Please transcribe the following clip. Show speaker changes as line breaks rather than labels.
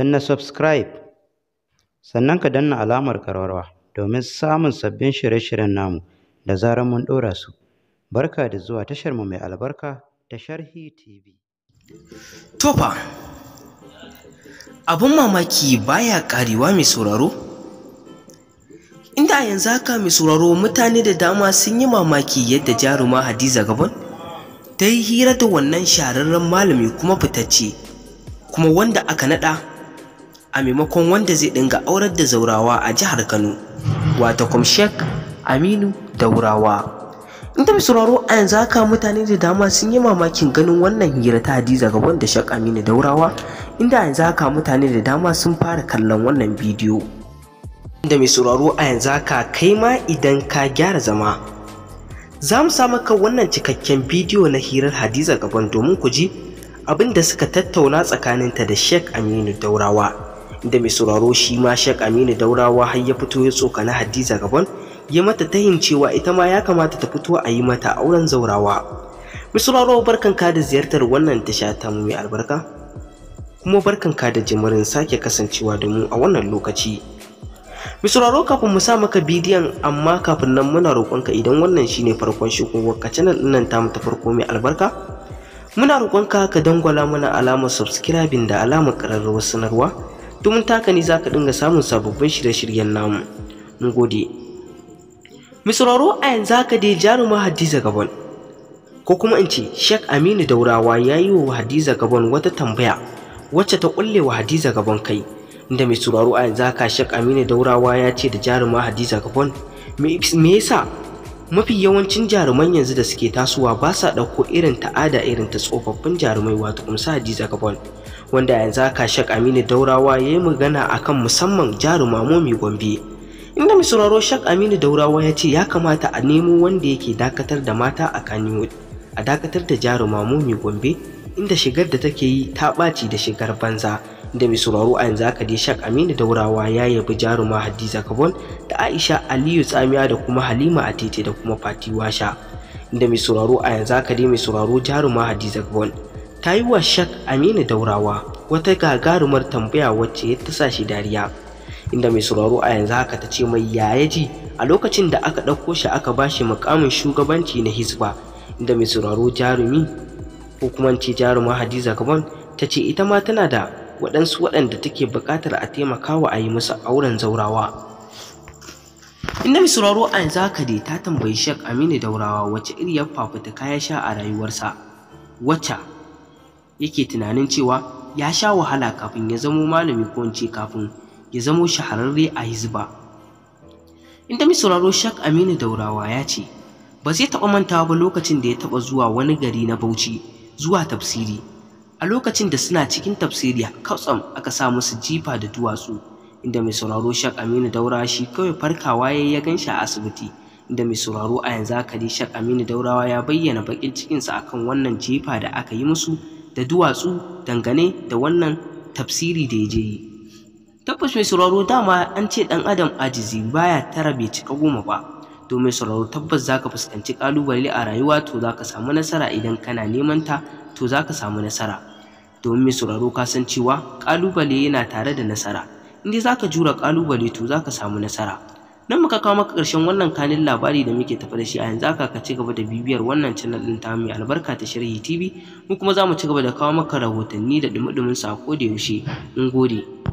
na subscribe sannan ka danna alamar karwarwa domin samun sabbin shirye-shiryen namu da zarar mun ɗora su barka da zuwa tashar mu mai albarka ta sharhi tv tofa abin mamaki baya karewa mai sauraro inda yanzu haka mai sauraro mutane da dama sun yi mamaki yadda jaruma hadiza gaban ta yi hira da wannan shahararren malami kuma fitacce kuma wanda aka naɗa. a maimakon wanda zai dinga aurar da zaurawa a jihar Kano wata kuma shek Aminu Daurawa Inda mai sauraro a yanzu haka mutane da dama sun yi mamakin ganin wannan hira ta Hadiza ga wanda shek Aminu Daurawa inda a yanzu haka mutane da dama sun fara kallon wannan bidiyo inda mai sauraro a yanzu haka kai ma idan ka gyara zama za mu sa maka wannan cikakken bidiyo na hirar Hadiza gaban domin ku ji abinda suka tattauna tsakaninta da shek Aminu Daurawa inda mai sauraro shi ma Sheikh Aminu Daurawa har ya fito ya tsokana Hadiza gaban, ya mata tahin cewa ita ma ya kamata ta fito a yi mata auren zaurawa. Mai sauraro barkan ka da ziyartar wannan tasha ta mu mai albarka. Kuma barkan ka da jimirin sake kasancewa da mu a wannan lokaci. Mai sauraro kafin mu sa maka bidiyon amma kafin nan muna roƙonka idan wannan shine farkon shigowar ka channel ɗin nan tamu ta farko mai albarka. muna roƙonka ka dangwala mana alamar subscribing da alamar ƙararrawar sanarwa domin taka ne za ka dinga samun sababbin shirye-shiryen namu mun gode misraro a yanzu haka dai jaruma hadiza gabon ko kuma in ce shek aminu daurawa ya yi wa hadiza gabon wata tambaya wacce ta kulle wa hadiza gabon kai inda mai sauraro a yanzu haka shek Aminu Daurawa ya ce da jarumar Hadiza Gabon me yasa mafi yawancin jaruman yanzu da suke tasowa ba sa ɗauko irin ta'ada irin ta tsofaffin jarumai wato kumsa hadiza gabon wanda yanzu aka shak aminu daurawa ya yi magana akan musamman jaruma momi gombe inda mai shak aminu daurawa ya ce ya kamata a nemo wanda yake dakatar da mata a kaniwood a dakatar da jaruma momi gombe inda shigar da take yi ta ɓaci da shigar banza da mai sauraro a yanzu haka dai shak aminu daurawa ya yabi jaruma hadiza kabon da aisha aliyu tsamiya da kuma halima a tete da kuma fati washa da mai sauraro a yanzu haka dai mai sauraro jaruma hadiza kabon ta yi wa shak aminu daurawa wata gagarumar tambaya wacce ya tasa shi dariya inda mai sauraro a yanzu haka ta ce mai yaya ji a lokacin da aka ɗauko shi aka ba shi mukamin shugabanci na hisba inda mai sauraro jarumi ko kuma ce jaruma hadiza kabon ta ce ita ma tana da waɗansu waɗanda take buƙatar a taimaka wa a yi musu auren zaurawa inda mai sauraro a yanzu haka dai ta tambayi shek aminu daurawa wace iriyar fafutuka kaya sha a rayuwarsa wacce yake tunanin cewa ya sha wahala kafin ya zamo malami ko ce kafin ya zamo shahararre a hizba inda mai sauraro shek aminu daurawa ya ce ba zai taɓa mantawa ba lokacin da ya taɓa zuwa wani gari na bauchi zuwa tafsiri a lokacin da suna cikin tafsiriya kautsam aka sa musu jifa da duwatsu inda mai sauraro shak aminu daura shi kawai farkawa ya ya gan shi a asibiti inda mai sauraro a yanzu aka ji shak aminu daurawa ya bayyana bakin cikinsa kan wannan jifa da aka yi musu da duwatsu dangane da wannan tafsiri da ya je yi tabbas mai sauraro dama an ce dan adam ajizi baya tara bai cika goma ba to mai sauraro tabbas zaka fuskanci kalubale a rayuwa to zaka samu nasara idan kana neman ta to zaka samu nasara domin mai sauraro ka san cewa ƙalubale yana tare da nasara in za ka jura ƙalubale to za ka samu nasara nan muka kawo maka ƙarshen wannan kanin labari da muke tafa da shi a yanzu haka ka ci gaba da bibiyar wannan channel ɗin ta mai albarka ta sharhi tv mu kuma za mu ci gaba da kawo maka rahotanni da dumi-dumin sa ko da yaushe mun gode